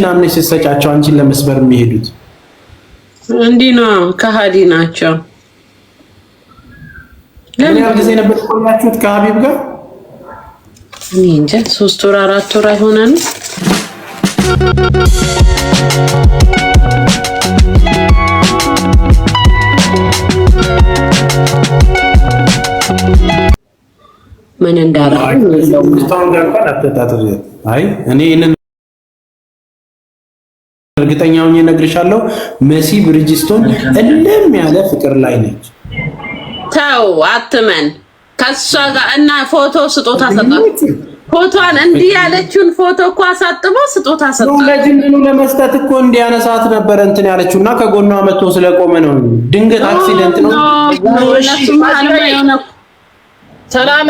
ምናምን ስትሰጫቸው አንቺን ለመስበር የሚሄዱት እንዲህ ነው። ከሀዲ ናቸው። ለምን ያህል ጊዜ ነበር ቆያችሁት ከሀቢብ ጋር? እኔ እንጃ ሶስት ወር አራት ወር አይሆነ ነው። ምን እንዳረ ጋር እንዳደረገ አይ እኔ እርግጠኛ ሆኜ እነግርሻለሁ መሲ ብሪጅስቶን እልም ያለ ፍቅር ላይ ነች። ተው አትመን። ከሷ ጋር እና ፎቶ ስጦታ ሰጣት። ፎቶዋን እንዲህ ያለችውን ፎቶ እኮ አሳጥቦ ስጦታ ሰጣት። ለጅንኑ ለመስጠት እኮ እንዲያነሳት ነበረ እንትን ያለችው እና ከጎኗ መጥቶ ስለቆመ ነው። ድንገት አክሲደንት ነው። ሰላም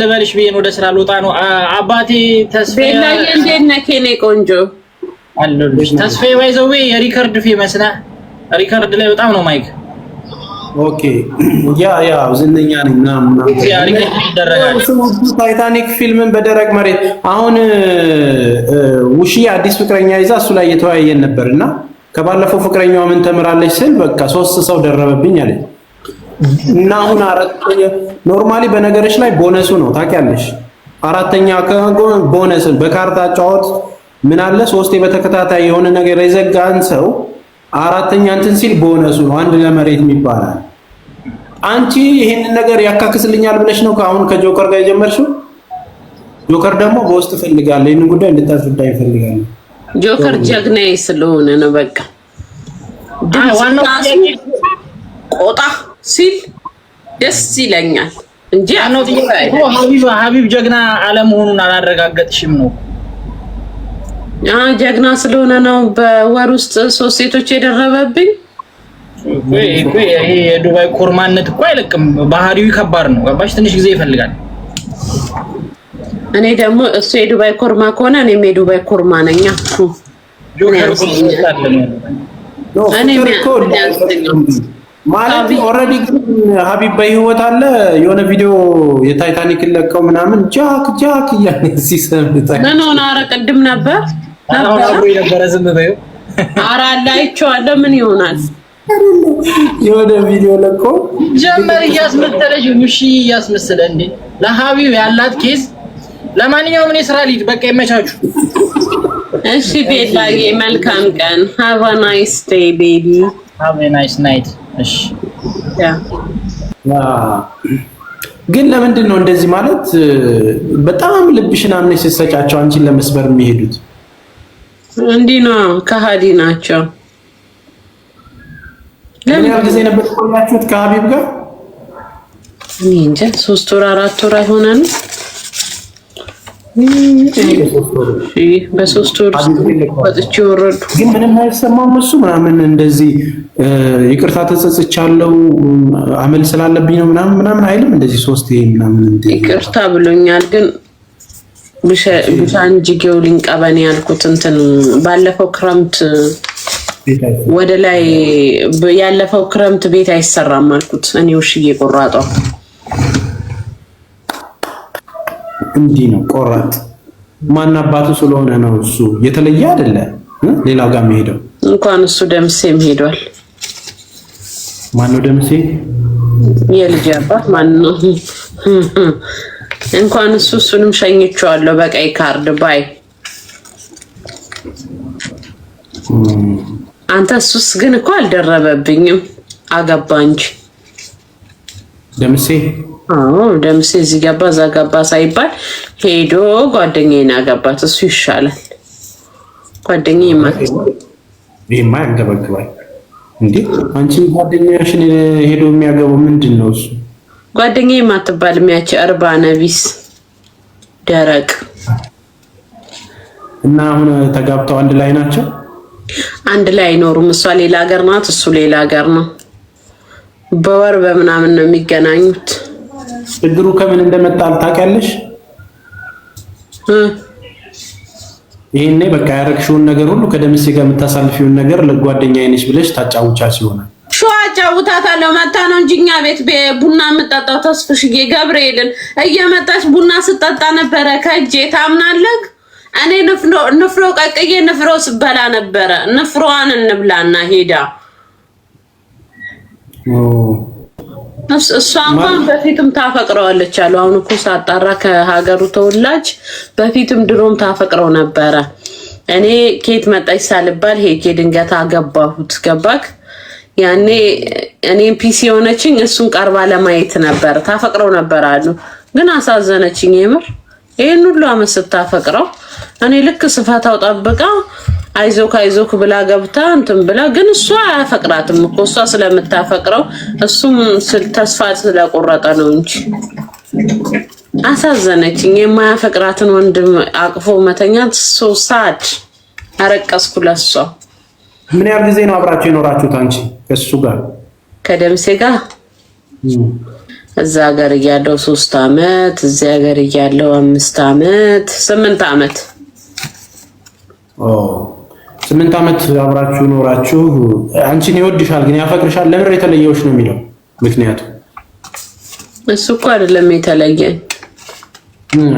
ልበልሽ ብዬሽ ወደ ስራ ልወጣ ነው። አባቴ ተስፋዬ ቤላዬ፣ እንዴት ነህ የኔ ቆንጆ? አለሁልሽ ተስፋዬ። ባይዘው የሪከርድ ፌመስ ነህ። ሪከርድ ላይ በጣም ነው ማይክ። ኦኬ ያ ያ ዝነኛ ነኝ ምናምን። ታይታኒክ ፊልምን በደረቅ መሬት አሁን ውሺ አዲስ ፍቅረኛ ይዛ እሱ ላይ እየተወያየን ነበር እና ከባለፈው ፍቅረኛዋ ምን ተምራለች ስል በቃ ሶስት ሰው ደረበብኝ አለ እና አሁን አራተኛ ኖርማሊ በነገሮች ላይ ቦነሱ ነው ታውቂያለሽ። አራተኛ ከሆነ ቦነስን በካርታ ጫወት ምን አለ ሶስቴ በተከታታይ የሆነ ነገር የዘጋን ሰው አራተኛ እንትን ሲል ቦነሱ ነው አንድ ለመሬት ይባላል። አንቺ ይህንን ነገር ያካክስልኛል ብለሽ ነው አሁን ከጆከር ጋር የጀመርሽው። ጆከር ደግሞ በውስጥ ፈልጋለ ይህንን ጉዳይ እንድታስረዳ ይፈልጋለሁ። ጆከር ጀግናዬ ስለሆነ ነው። በቃ ቆጣ ሲል ደስ ይለኛል እንጂ ሀቢብ ጀግና አለመሆኑን አላረጋገጥሽም ነው ጀግና ስለሆነ ነው በወር ውስጥ ሶስት ሴቶች የደረበብኝ። የዱባይ ኮርማነት እኮ አይለቅም። ባህሪው ከባድ ነው። ገባሽ? ትንሽ ጊዜ ይፈልጋል። እኔ ደግሞ እሱ የዱባይ ኮርማ ከሆነ እኔም የዱባይ ኮርማ ነኛ። ማለት ኦልሬዲ ግን ሀቢብ በህይወት አለ። የሆነ ቪዲዮ የታይታኒክን ለቀው ምናምን ጃክ ጃክ እያለ ሲሰምታ ምን ሆነ? ኧረ ቅድም ነበር ነበረ ዝም በይው። ኧረ አይቼዋለሁ። ምን ይሆናል የሆነ ቪዲዮ ለቆ ጀመር እያስመሰለች ሙሺ እያስመሰለ እንዴ ለሀቢብ ያላት ኬዝ። ለማንኛውም እኔ ስራ ልሂድ፣ በቃ ይመቻችሁ። እሺ ቤላዬ፣ መልካም ቀን። ሃቭ አ ናይስ ዴይ ቤቢ፣ ሃቭ አ ናይስ ናይት። እሺ ግን ለምንድን ነው እንደዚህ ማለት? በጣም ልብሽን አምነሽ ስትሰጫቸው አንቺን ለመስበር የሚሄዱት እንዲህ ነው። ከሀዲ ናቸው። ለምን ያህል ጊዜ ነበር ቆያችሁት ከሀቢብ ጋር? እኔ እንጃ ሶስት ወር አራት ወር አይሆነን። በሶስት ወር ወጥቼ ወረዱ። ግን ምንም አይሰማም እሱ ምናምን እንደዚህ ይቅርታ ተጸጽቻለሁ አመል ስላለብኝ ነው ምናምን ምናምን አይልም። እንደዚህ ሶስት ይሄ ምናምን ይቅርታ ብሎኛል ግን ብሻን ጅጌው ሊንቀበን ያልኩት እንትን ባለፈው ክረምት ወደ ላይ ያለፈው ክረምት ቤት አይሰራም አልኩት። እኔ ውሽዬ ቆራጧ እንዲህ ነው። ቆራጥ ማን አባቱ ስለሆነ ነው እሱ የተለየ አይደለ። ሌላው ጋር የሚሄደው እንኳን እሱ ደምሴም ሄዷል። ማነው ደምሴ? የልጅ አባት ማን ነው? እንኳን እሱ እሱንም ሸኝቼዋለሁ በቀይ ካርድ ባይ አንተ እሱስ ግን እኮ አልደረበብኝም። አገባ እንጂ ደምሴ አዎ ደምሴ እዚህ ገባ እዛ ገባ ሳይባል ሄዶ ጓደኛዬን አገባት። እሱ ይሻላል። ጓደኛዬ ማለት ይሄማ ያንገበግባል እንዴ! አንቺ ጓደኛሽን ሄዶ የሚያገባው ምንድን ነው እሱ? ጓደኛ የማትባል የሚያች እርባ ነቢስ ደረቅ እና አሁን ተጋብተው አንድ ላይ ናቸው። አንድ ላይ አይኖሩም። እሷ ሌላ ሀገር ናት፣ እሱ ሌላ ሀገር ነው። በወር በምናምን ነው የሚገናኙት። ችግሩ ከምን እንደመጣ ታውቂያለሽ? ይህኔ በቃ ያረግሽውን ነገር ሁሉ ከደምሴ ጋር የምታሳልፊውን ነገር ለጓደኛ አይነሽ ብለሽ ታጫውቻ ሲሆናል ሸዋ ጫውታታለሁ። መታ ነው እንጂ እኛ ቤት ቡና የምጠጣው ተስፍሽዬ ገብርኤልን እየመጣች ቡና ስጠጣ ነበረ ከእጄ ታምናለህ። እኔ ንፍሮ ቀቅዬ ንፍሮ ስበላ ነበረ። ንፍሮዋን እንብላና ሄዳ እሷ እንኳን በፊትም ታፈቅረዋለች አሉ። አሁን እኮ ሳጣራ ከሀገሩ ተወላጅ በፊትም ድሮም ታፈቅረው ነበረ። እኔ ኬት መጣች ሳልባል ሄኬ ድንገት አገባሁት። ገባክ ያኔ እኔም ፒሲ የሆነችኝ እሱን ቀርባ ለማየት ነበር። ታፈቅረው ነበር አሉ፣ ግን አሳዘነችኝ። የምር ይህን ሁሉ አመት ስታፈቅረው እኔ ልክ ስፈታው ጠብቃ አይዞክ አይዞክ ብላ ገብታ እንትን ብላ፣ ግን እሷ አያፈቅራትም እኮ እሷ ስለምታፈቅረው እሱም ተስፋ ስለቆረጠ ነው እንጂ አሳዘነችኝ። የማያፈቅራትን ወንድም አቅፎ መተኛት ሶሳድ ሳድ አረቀስኩ ለሷ ምን ያህል ጊዜ ነው አብራችሁ የኖራችሁት? አንቺ ከሱ ጋር ከደምሴ ጋር እዛ ሀገር እያለው ሶስት አመት እዚ ሀገር እያለው አምስት አመት ስምንት አመት ስምንት አመት አብራችሁ ኖራችሁ። አንቺን ይወድሻል ግን ያፈቅርሻል። ለምር የተለየውሽ ነው የሚለው ምክንያቱ እሱ እኮ አይደለም የተለየን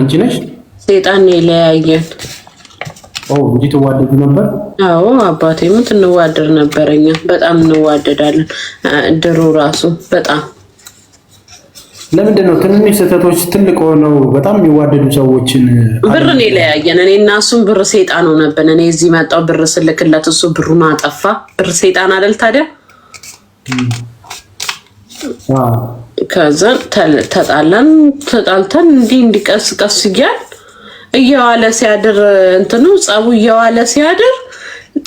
አንቺ ነሽ። ሴጣን የለያየን እንጂ ትዋደዱ ነበር? አዎ አባቴ ሙት እንዋደድ ነበር። እኛ በጣም እንዋደዳለን። ድሮ ራሱ በጣም ለምንድን ነው ትንንሽ ስህተቶች ትልቅ ሆነው በጣም የሚዋደዱ ሰዎችን ብር ነው ለያየን እኔ እና እሱም ብር ሴጣን ሆነብን። እኔ እዚህ መጣው ብር ስልክለት እሱ ብሩን አጠፋ። ብር ሴጣን አይደል ታዲያ? ከዛ ተጣላን። ተጣልተን እንዲህ እንዲቀስቀስ እያል እየዋለ ሲያድር እንትኑ ጸቡ እየዋለ ሲያድር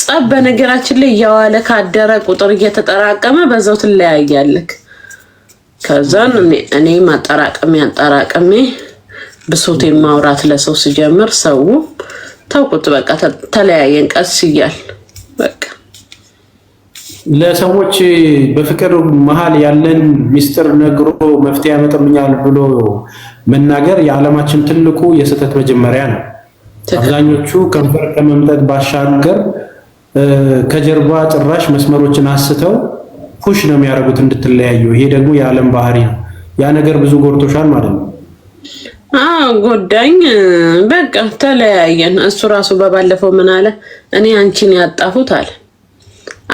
ጸብ በነገራችን ላይ እየዋለ ካደረ ቁጥር እየተጠራቀመ በዛው ትለያያለክ። ከዛን እኔ ማጠራቀሜ አጠራቀሜ ብሶቴን ማውራት ለሰው ሲጀምር ሰው ተውቁት በቃ ተለያየን ቀስ እያል ለሰዎች በፍቅር መሀል ያለን ሚስጥር ነግሮ መፍትሄ ያመጣልኛል ብሎ መናገር የዓለማችን ትልቁ የስህተት መጀመሪያ ነው። አብዛኞቹ ከንፈር ከመምጠጥ ባሻገር ከጀርባ ጭራሽ መስመሮችን አስተው ሁሽ ነው የሚያደርጉት እንድትለያዩ። ይሄ ደግሞ የዓለም ባህሪ ነው። ያ ነገር ብዙ ጎድቶሻል ማለት ነው። አዎ ጎዳኝ። በቃ ተለያየን። እሱ ራሱ በባለፈው ምን አለ? እኔ አንቺን ያጣሁት አለ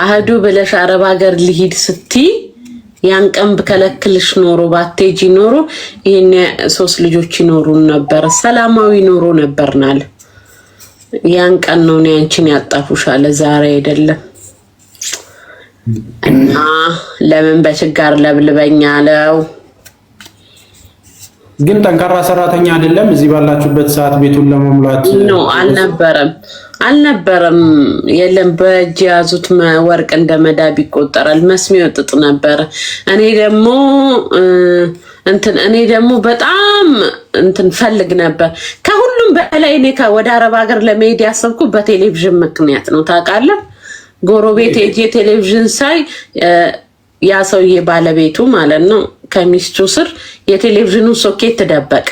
አህዱ ብለሽ አረብ ሀገር ሊሂድ ስቲ ያን ቀን ብከለክልሽ ኖሮ ባቴጂ ኖሮ ይሄን ሶስት ልጆች ይኖሩን ነበር፣ ሰላማዊ ኖሮ ነበርናል። ያን ቀን ነው ያንቺን ያጣፉሽ አለ። ዛሬ አይደለም። እና ለምን በችጋር ለብልበኛ አለው። ግን ጠንካራ ሰራተኛ አይደለም። እዚህ ባላችሁበት ሰዓት ቤቱን ለመሙላት አልነበረም አልነበረም የለም። በእጅ የያዙት ወርቅ እንደ መዳብ ይቆጠራል። መስሚው ጥጥ ነበረ። እኔ ደግሞ እንትን እኔ ደግሞ በጣም እንትን ፈልግ ነበር። ከሁሉም በላይ እኔ ወደ አረብ ሀገር ለመሄድ ያሰብኩ በቴሌቪዥን ምክንያት ነው። ታውቃለህ፣ ጎረቤት ሄጄ ቴሌቪዥን ሳይ ያ ሰውዬ ባለቤቱ ማለት ነው ከሚስቱ ስር የቴሌቪዥኑ ሶኬት ደበቀ።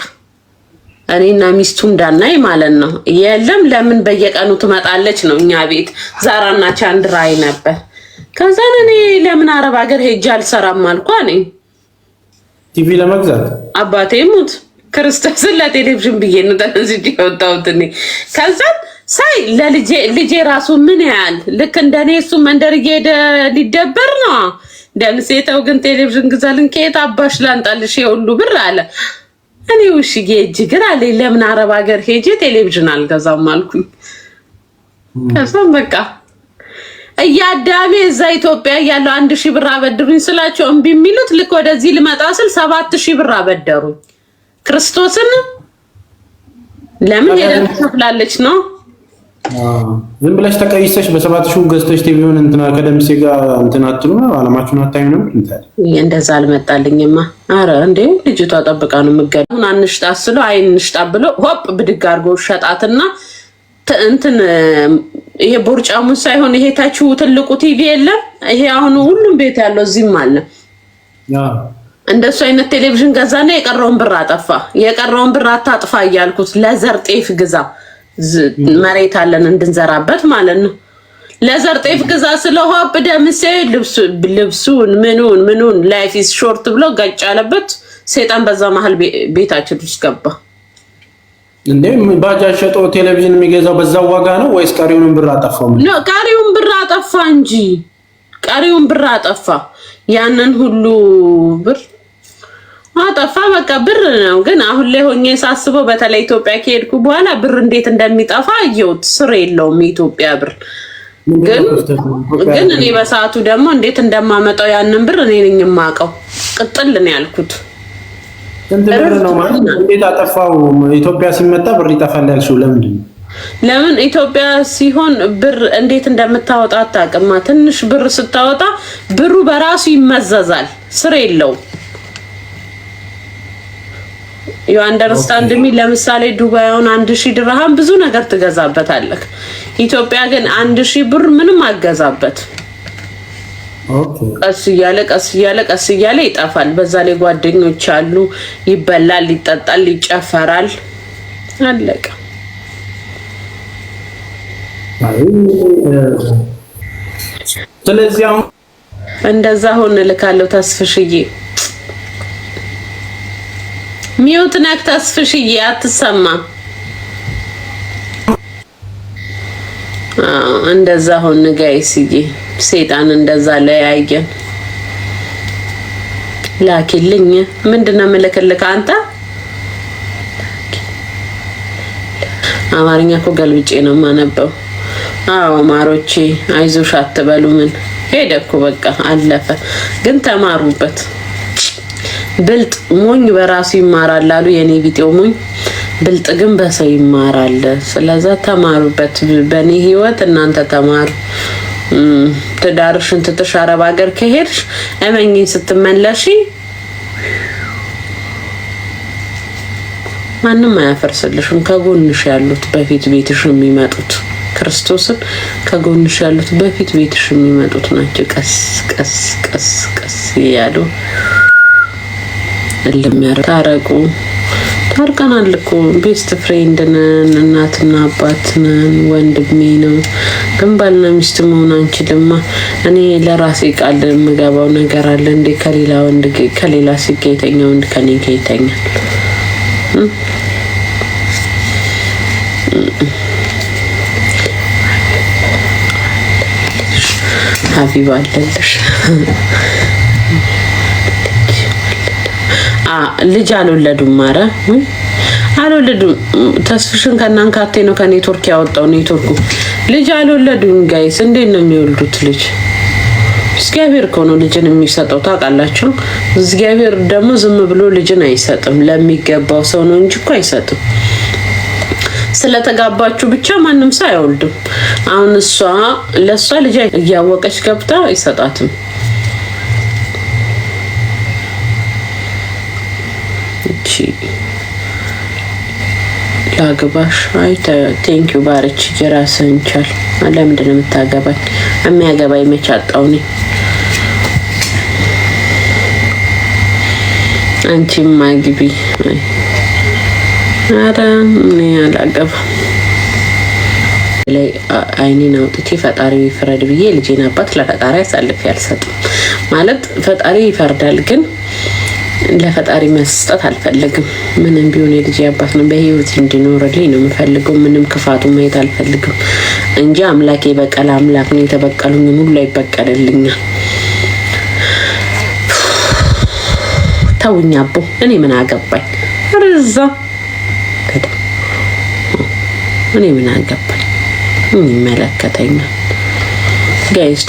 እኔና ሚስቱ እንዳናይ ማለት ነው። የለም ለምን በየቀኑ ትመጣለች ነው እኛ ቤት ዛራና ቻንድራይ ነበር። ከዛን እኔ ለምን አረብ ሀገር ሄጄ አልሰራም አልኳ። እኔ ቲቪ ለመግዛት አባቴ ሙት ክርስቶስን ለቴሌቪዥን ብዬ ነጠንዚ የወጣሁት እኔ ከዛን ሳይ ለልጄ ልጄ ራሱ ምን ያህል ልክ እንደኔ እሱ መንደር እየሄደ ሊደበር ነው ዳንሴተው ግን ቴሌቪዥን ግዛልን ከየት አባሽ ላንጣልሽ የሁሉ ብር አለ። እኔ ውሽ ጌጅ ግን አለ ለምን አረብ ሀገር ሄጄ ቴሌቪዥን አልገዛም አልኩኝ። ከዛም በቃ እያዳሜ እዛ ኢትዮጵያ እያለው አንድ ሺህ ብር አበድሩኝ ስላቸው እምቢ የሚሉት ልክ ወደዚህ ልመጣ ስል ሰባት ሺህ ብር አበደሩኝ። ክርስቶስን ለምን ሄደን ትከፍላለች ነው ዝም ብለሽ ተቀይሰሽ በሰባት ሺህ ገዝተሽ ቲቪውን እንትና ከደምሴ ጋር እንትን አትሉ አለማችሁን አታዩ ነው። እንደዛ አልመጣልኝማ። አረ እንዴ ልጅቷ ጠብቃ ነው የምገዳሁን። አንሽጣ ስሎ አይንሽጣ ብሎ ሆፕ ብድግ አድርጎ ሸጣትና እንትን ይሄ ቦርጫሙን ሳይሆን ይሄ ታችሁ ትልቁ ቲቪ የለም ይሄ አሁኑ ሁሉም ቤት ያለው እዚህም አለ። እንደሱ አይነት ቴሌቪዥን ገዛና የቀረውን ብር አጠፋ። የቀረውን ብር አታጥፋ እያልኩት ለዘር ጤፍ ግዛ መሬት አለን እንድንዘራበት ማለት ነው። ለዘር ጤፍ ግዛ ስለሆብ ደምሴ ልብሱን ምኑን ምኑን ላይፍ ኢዝ ሾርት ብሎ ጋጭ ያለበት ሰይጣን በዛ መሀል ቤታችን ውስጥ ገባ። እንዴ ባጃጅ ሸጦ ቴሌቪዥን የሚገዛው በዛው ዋጋ ነው ወይስ ቀሪውን ብር አጠፋ? ቀሪውን ብር አጠፋ እንጂ ቀሪውን ብር አጠፋ። ያንን ሁሉ ብር አጠፋ በቃ ብር ነው። ግን አሁን ላይ ሆኜ ሳስበው በተለይ ኢትዮጵያ ከሄድኩ በኋላ ብር እንዴት እንደሚጠፋ አየሁት። ስር የለውም የኢትዮጵያ ብር። ግን ግን እኔ በሰዓቱ ደግሞ እንዴት እንደማመጣው ያንን ብር እኔ ነኝ የማውቀው። ቅጥል ነው ያልኩት። ስንት ነው ማለት እንዴት አጠፋው? ኢትዮጵያ ሲመጣ ብር ይጠፋል ያልሽው ለምንድን ነው? ለምን ኢትዮጵያ ሲሆን ብር እንዴት እንደምታወጣ አታውቅማ። ትንሽ ብር ስታወጣ ብሩ በራሱ ይመዘዛል፣ ስር የለውም ዩ አንደርስታንድ ሚ ለምሳሌ ዱባይውን አንድ ሺህ ድርሃም ብዙ ነገር ትገዛበታለህ። ኢትዮጵያ ግን አንድ ሺህ ብር ምንም አገዛበት። ቀስ እያለ ቀስ እያለ ቀስ እያለ ይጠፋል። በዛ ላይ ጓደኞች አሉ፣ ይበላል፣ ይጠጣል፣ ይጨፈራል። አለቀ። ስለዚህ አሁን እንደዛ ሆን እልካለሁ ተስፍሽዬ ሚውት ነክ ተስፍሽዬ አትሰማም። እንደዛ ሆን ጋይስዬ፣ ሴጣን እንደዛ ለያየን። ላኪልኝ ምንድን ነው የምልክልህ አንተ? አማርኛ እኮ ገልብጬ ነው የማነበው። አዎ ማሮቼ አይዞሽ አትበሉ። ምን ሄደ እኮ በቃ አለፈ፣ ግን ተማሩበት። ብልጥ ሞኝ በራሱ ይማራል አሉ የኔ ቢጤው ሞኝ፣ ብልጥ ግን በሰው ይማራል። ስለዛ ተማሩበት። በእኔ ህይወት እናንተ ተማሩ። ትዳርሽን ትተሽ አረብ ሀገር ከሄድሽ እመኝኝ ስትመለሺ ማንም አያፈርስልሽም። ከጎንሽ ያሉት በፊት ቤትሽ የሚመጡት ክርስቶስን ከጎንሽ ያሉት በፊት ቤትሽ የሚመጡት ናቸው። ቀስ ቀስ ቀስ ቀስ እያሉ እልሚያረ ታረቁ። ታርቀናል እኮ ቤስት ፍሬንድ ነን፣ እናትና አባት ነን፣ ወንድሜ ነው። ግን ባልና ሚስት መሆን አንችልማ። እኔ ለራሴ ቃል የምገባው ነገር አለ እንዴ? ከሌላ ወንድ ከሌላ ሴት የተኛ ወንድ ከኔ ጋር ይተኛል? ሀቢባ አለልሽ ልጅ አልወለዱም። ማረ አልወለዱም። ተስፍሽን ከናንካቴ ነው ከኔትወርክ ያወጣው ኔትወርኩ። ልጅ አልወለዱም። ጋይስ እንዴት ነው የሚወልዱት ልጅ? እግዚአብሔር እኮ ነው ልጅን የሚሰጠው ታውቃላችሁ። እግዚአብሔር ደግሞ ዝም ብሎ ልጅን አይሰጥም፣ ለሚገባው ሰው ነው እንጂ እኮ አይሰጥም። ስለተጋባችሁ ብቻ ማንም ሰው አይወልድም። አሁን እሷ ለእሷ ልጅ እያወቀች ገብታ አይሰጣትም። ላግባሽ? አይ ቴንኪዩ ባረች የራስህን ቻል። ለምንድን ነው የምታገባኝ? የሚያገባኝ መች አጣሁ እኔ። አንቺም አግቢ። አረ እኔ አላገባም ላይ አይኔን አውጥቼ ፈጣሪ ፍረድ ብዬ ልጄን አባት ለፈጣሪ አሳልፌ አልሰጥም። ማለት ፈጣሪ ይፈርዳል ግን ለፈጣሪ መስጠት አልፈልግም። ምንም ቢሆን የልጅ አባት ነው፣ በህይወት እንዲኖርልኝ ነው የምፈልገው። ምንም ክፋቱ ማየት አልፈልግም እንጂ አምላክ የበቀል አምላክ ነው። የተበቀሉኝን ሁሉ ይበቀልልኛል። ተውኝ አቦ፣ እኔ ምን አገባኝ? ርዛ እኔ ምን አገባኝ? ይመለከተኛል። ጋይስ